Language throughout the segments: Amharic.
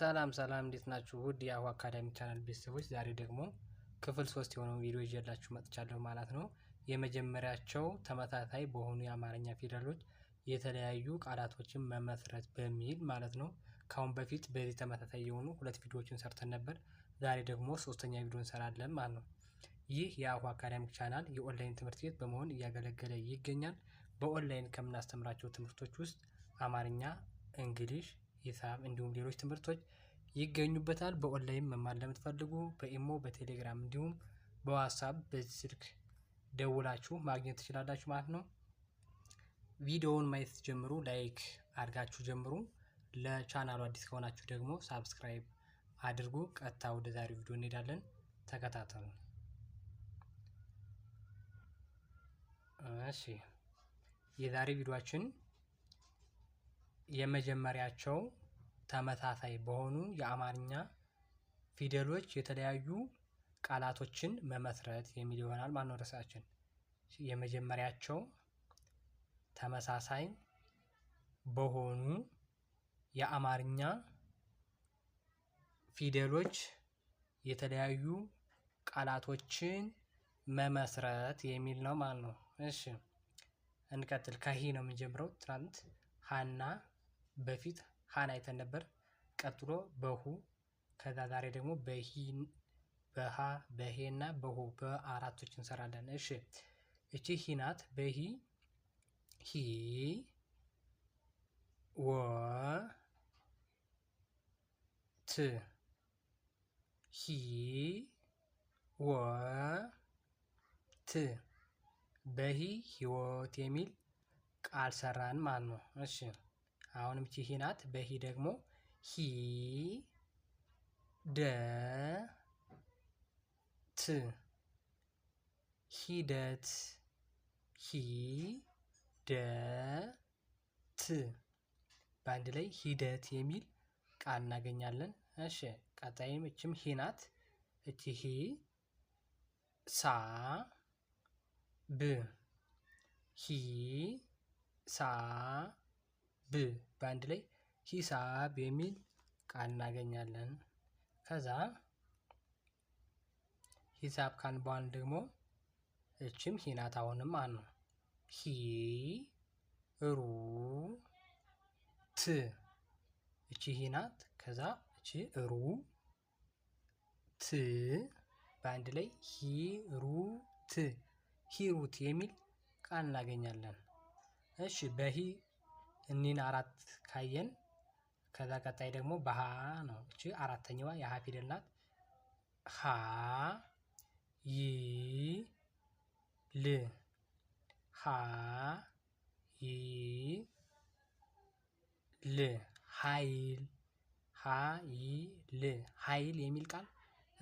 ሰላም ሰላም እንዴት ናችሁ? ውድ የአሁ አካዳሚ ቻናል ቤተሰቦች ዛሬ ደግሞ ክፍል ሶስት የሆነውን ቪዲዮ ይዤላችሁ መጥቻለሁ ማለት ነው። የመጀመሪያቸው ተመሳሳይ በሆኑ የአማርኛ ፊደሎች የተለያዩ ቃላቶችን መመስረት በሚል ማለት ነው። ከአሁን በፊት በዚህ ተመሳሳይ የሆኑ ሁለት ቪዲዮዎችን ሰርተን ነበር። ዛሬ ደግሞ ሶስተኛ ቪዲዮ እንሰራለን ማለት ነው። ይህ የአሁ አካዳሚክ ቻናል የኦንላይን ትምህርት ቤት በመሆን እያገለገለ ይገኛል። በኦንላይን ከምናስተምራቸው ትምህርቶች ውስጥ አማርኛ፣ እንግሊሽ ሂሳብ እንዲሁም ሌሎች ትምህርቶች ይገኙበታል። በኦንላይን መማር ለምትፈልጉ በኢሞ፣ በቴሌግራም እንዲሁም በዋትሳፕ በዚህ ስልክ ደውላችሁ ማግኘት ትችላላችሁ ማለት ነው። ቪዲዮውን ማየት ጀምሩ፣ ላይክ አድርጋችሁ ጀምሩ። ለቻናሉ አዲስ ከሆናችሁ ደግሞ ሳብስክራይብ አድርጉ። ቀጥታ ወደ ዛሬው ቪዲዮ እንሄዳለን። ተከታተሉ። እሺ የዛሬ ቪዲዮችን የመጀመሪያቸው ተመሳሳይ በሆኑ የአማርኛ ፊደሎች የተለያዩ ቃላቶችን መመስረት የሚል ይሆናል። ነው ርዕሳችን። የመጀመሪያቸው ተመሳሳይ በሆኑ የአማርኛ ፊደሎች የተለያዩ ቃላቶችን መመስረት የሚል ነው ማለት ነው። እሺ እንቀጥል። ከሂ ነው የምንጀምረው። ትናንት ሀና በፊት ሀን አይተን ነበር። ቀጥሎ በሁ ከዛ ዛሬ ደግሞ በሂ በሃ በሄ እና በሁ በአራቶች እንሰራለን። እሺ እቺ ሂ ናት። በሂ ሂ ወ ት ሂ ወ ት በሂ ህይወት የሚል ቃል ሰራን ማለት ነው። እሺ አሁንም ቺሂ ሂ ናት። በሂ ደግሞ ሂ ደ ት ሂደት ሂ ደ ት በአንድ ላይ ሂደት የሚል ቃል እናገኛለን። እሺ ቀጣይም እችም ሂ ናት። እቺ ሂ ሳ ብ ሂ ሳ ብ በአንድ ላይ ሂሳብ የሚል ቃል እናገኛለን። ከዛ ሂሳብ ካል በኋላ ደግሞ እችም ሂናት አሁንም አን ነው ሂ ሩ ት እቺ ሂናት ከዛ እቺ ሩ ት በአንድ ላይ ሂ ሩ ት ሂሩት የሚል ቃል እናገኛለን። እሺ በሂ እኒህን አራት ካየን ከዛ ቀጣይ ደግሞ በሀ ነው። እቺ አራተኛዋ የሀ ፊደል ናት። ሀ ይ ል ሀ ይ ል ሀይል ሀ ይ ል ሀይል የሚል ቃል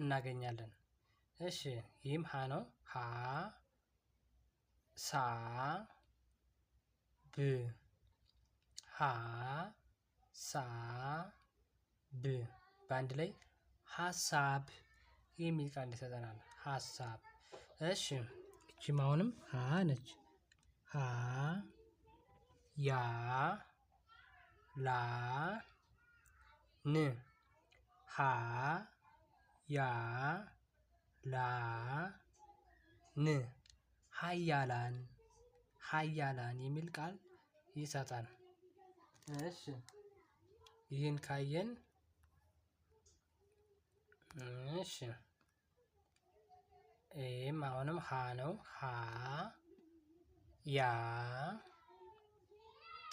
እናገኛለን። እሺ ይህም ሀ ነው። ሀ ሳ ብ ሀሳብ በአንድ ላይ ሀሳብ የሚል ቃል ይሰጠናል። ሀሳብ። እሺ እቺም አሁንም ሀ ነች። ሀ ያ ላ ን ሀ ያ ላ ን ሀያላን ሀያላን የሚል ቃል ይሰጣል። እሺ ይህን ካየን እሺ ይህም አሁንም ሀ ነው። ሀ ያ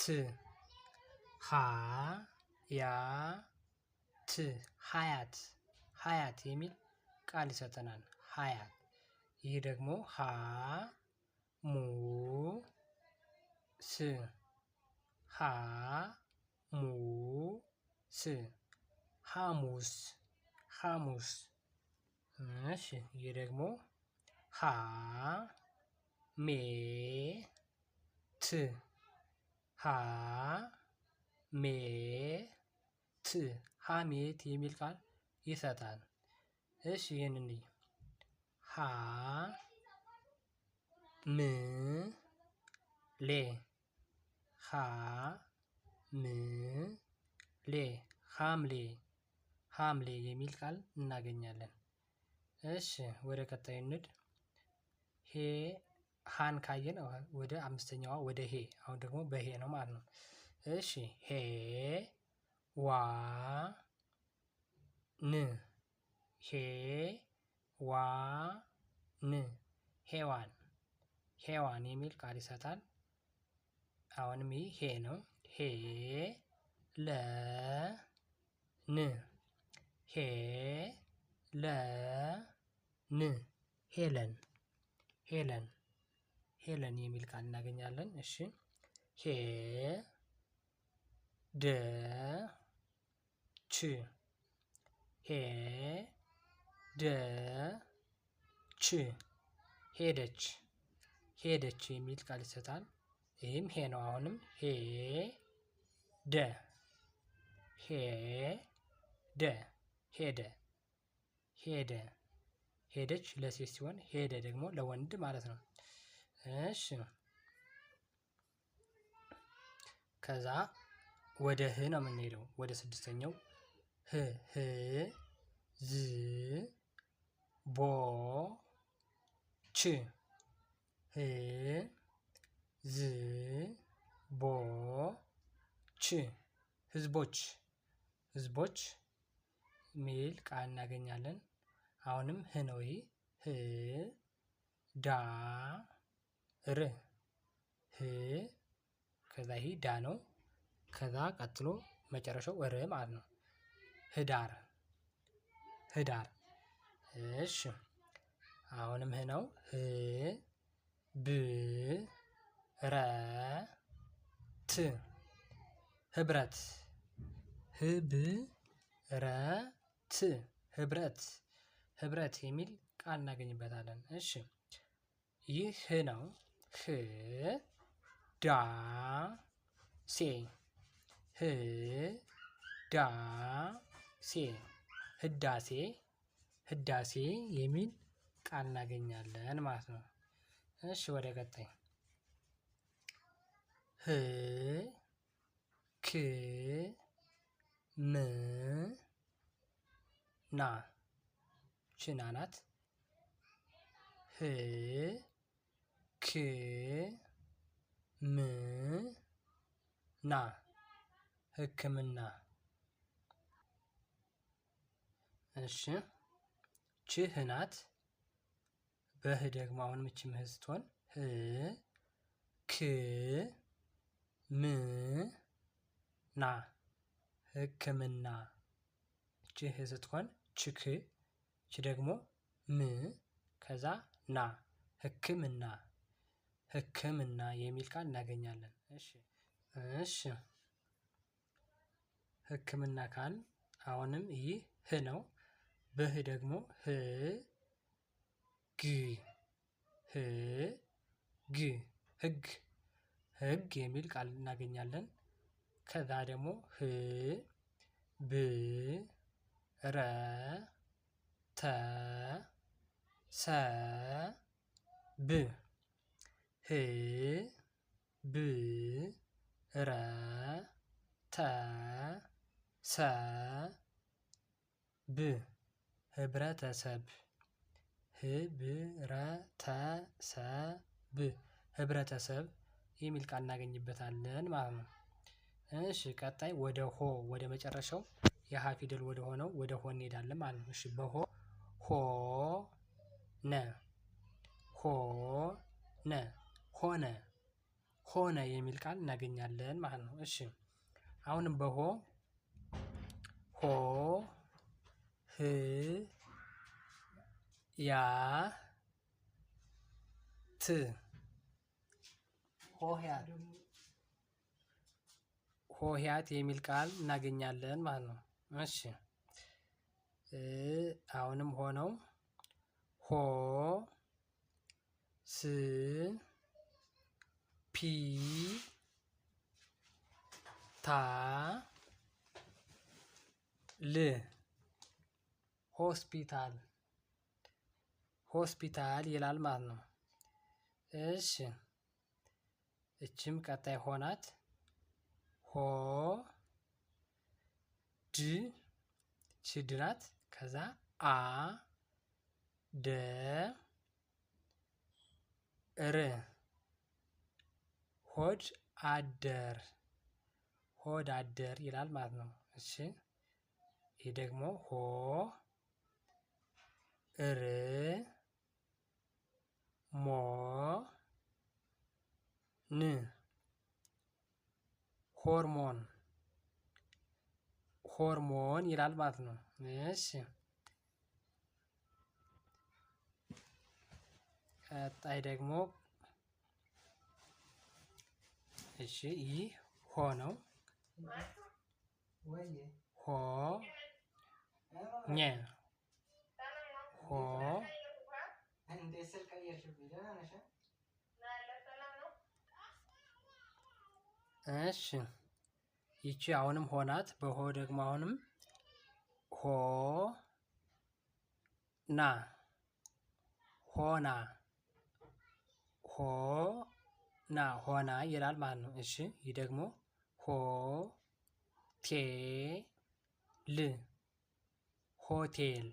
ት ሀ ያ ት ሀያት ሀያት የሚል ቃል ይሰጠናል። ሀያት ይህ ደግሞ ሀ ሙ ስ ሀ ሙ ስ ሐሙስ ሐሙስ። እሺ ይህ ደግሞ ሀ ሜ ት ሀ ሜ ት ሀሜት የሚል ቃል ይሰጣል። እሺ ይህንን ሀ ም ሌ ሀምሌ ሀምሌ ሀምሌ የሚል ቃል እናገኛለን። እሺ ወደ ቀጣዩ እንሂድ። ሄ ሀን ካየን ወደ አምስተኛዋ ወደ ሄ አሁን ደግሞ በሄ ነው ማለት ነው። እሺ ሄ ዋ ን ሄ ዋ ን ሄዋን ሄዋን የሚል ቃል ይሰጣል። አሁንም ይህ ሄ ነው። ሄ ለ ን ሄ ለ ን ሄለን ሄለን ሄለን የሚል ቃል እናገኛለን። እሺ ሄ ደ ች ሄ ደ ች ሄደች ሄደች የሚል ቃል ይሰጣል። ይህም ሄ ነው። አሁንም ሄ ደ ሄ ደ ሄደ ሄደ ሄደች ለሴት ሲሆን ሄደ ደግሞ ለወንድ ማለት ነው። እሺ ከዛ ወደ ህ ነው የምንሄደው። ወደ ስድስተኛው ህ ህ ዝ ቦ ች ህ ዝ ቦ ች ህዝቦች ህዝቦች ሚል ቃል እናገኛለን። አሁንም ህ ነው ይሄ ህ ዳ ር ህ ከዛ ይሄ ዳ ነው። ከዛ ቀጥሎ መጨረሻው ር ማለት ነው። ህዳር ህዳር። እሺ አሁንም ህ ነው ህ ብ ረ ት ህብረት ህብረት ህብረት ህብረት የሚል ቃል እናገኝበታለን። እሺ ይህ ህ ነው። ህ ዳ ሴ ህ ዳ ሴ ህዳሴ ህዳሴ የሚል ቃል እናገኛለን ማለት ነው። እሺ ወደ ቀጣይ ህ ክ ም ና ችና ናት። ህ ክ ም ና ህክምና። እሺ ችህ ናት። በህ ደግሞ አሁን ምች ምህስትሆን ህ ክ ም ና ህክምና ችህ ስትሆን ችክ ች ደግሞ ም ከዛ ና ህክምና ህክምና የሚል ቃል እናገኛለን። እሺ እሺ ህክምና ካል አሁንም ይህ ህ ነው። በህ ደግሞ ህ ግ ህ ግ ህግ ህግ የሚል ቃል እናገኛለን። ከዛ ደግሞ ህ ብ ረ ተ ሰ ብ ህ ብ ረ ተ ሰ ብ ህብረተሰብ ህብረተሰብ ህብረተሰብ የሚል ቃል እናገኝበታለን ማለት ነው። እሺ ቀጣይ ወደ ሆ ወደ መጨረሻው የሀ ፊደል ወደ ሆነው ወደ ሆ እንሄዳለን ማለት ነው። እሺ በሆ ሆ ነ ሆ ነ ሆነ ሆነ የሚል ቃል እናገኛለን ማለት ነው። እሺ አሁንም በሆ ሆ ህ ያ ት ሆሄያት የሚል ቃል እናገኛለን ማለት ነው። እሺ አሁንም ሆነው ሆ ስ ፒ ታ ል ሆስፒታል ሆስፒታል ይላል ማለት ነው። እሺ እችም ቀጣይ ሆናት ሆ ድ ችድናት ከዛ አ ደ ር ሆድ አደር ሆድ አደር ይላል ማለት ነው። እሺ ይህ ደግሞ ሆ እር ሞ ን ሆርሞን ሆርሞን ይላል ማለት ነው። እሺ ቀጣይ ደግሞ እሺ ይህ ሆ ነው። ሆ ኘ ሆ እሺ ይቺ አሁንም ሆናት በሆ ደግሞ አሁንም ሆ ና ሆና ሆ ና ሆና ይላል ማለት ነው። እሺ ይህ ደግሞ ሆ ቴ ል ሆቴል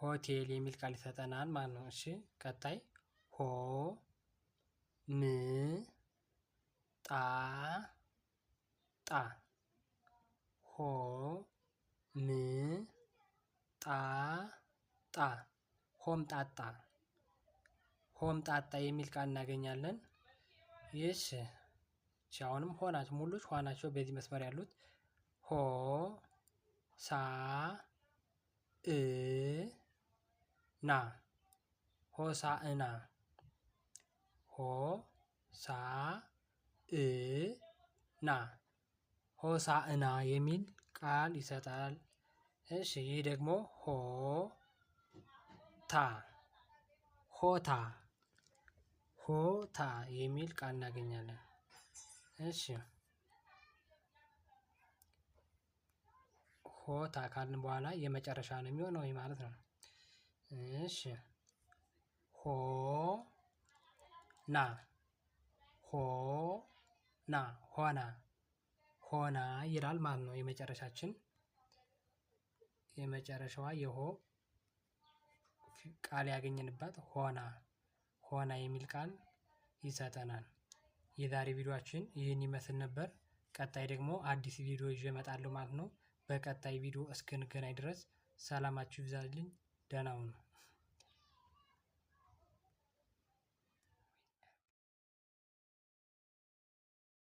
ሆቴል የሚል ቃል ይሰጠናል ማለት ነው። እሺ ቀጣይ ሆ ም ጣ ጣ ሆ ም ጣ ጣ ሆም ጣጣ ሆም ጣጣ የሚል ቃል እናገኛለን። ይህ አሁንም ሆናቸው ሙሉች ሆናቸው በዚህ መስመር ያሉት ሆ ሳ እ ና ሆሳእና ሆ ሳ እ ና ሆሳዕና የሚል ቃል ይሰጣል። እሺ ይህ ደግሞ ሆ ታ ሆታ ሆታ የሚል ቃል እናገኛለን። እሺ ሆታ ካልን በኋላ የመጨረሻ ነው የሚሆነው ይህ ማለት ነው። እሺ ሆ ና ሆ ና ሆና ሆና ይላል ማለት ነው። የመጨረሻችን የመጨረሻዋ የሆ ቃል ያገኘንባት ሆና ሆና የሚል ቃል ይሰጠናል። የዛሬ ቪዲዮችን ይህን ይመስል ነበር። ቀጣይ ደግሞ አዲስ ቪዲዮ ይዤ እመጣለሁ ማለት ነው። በቀጣይ ቪዲዮ እስክንገናኝ ድረስ ሰላማችሁ ይብዛልኝ። ደህና ሁኑ።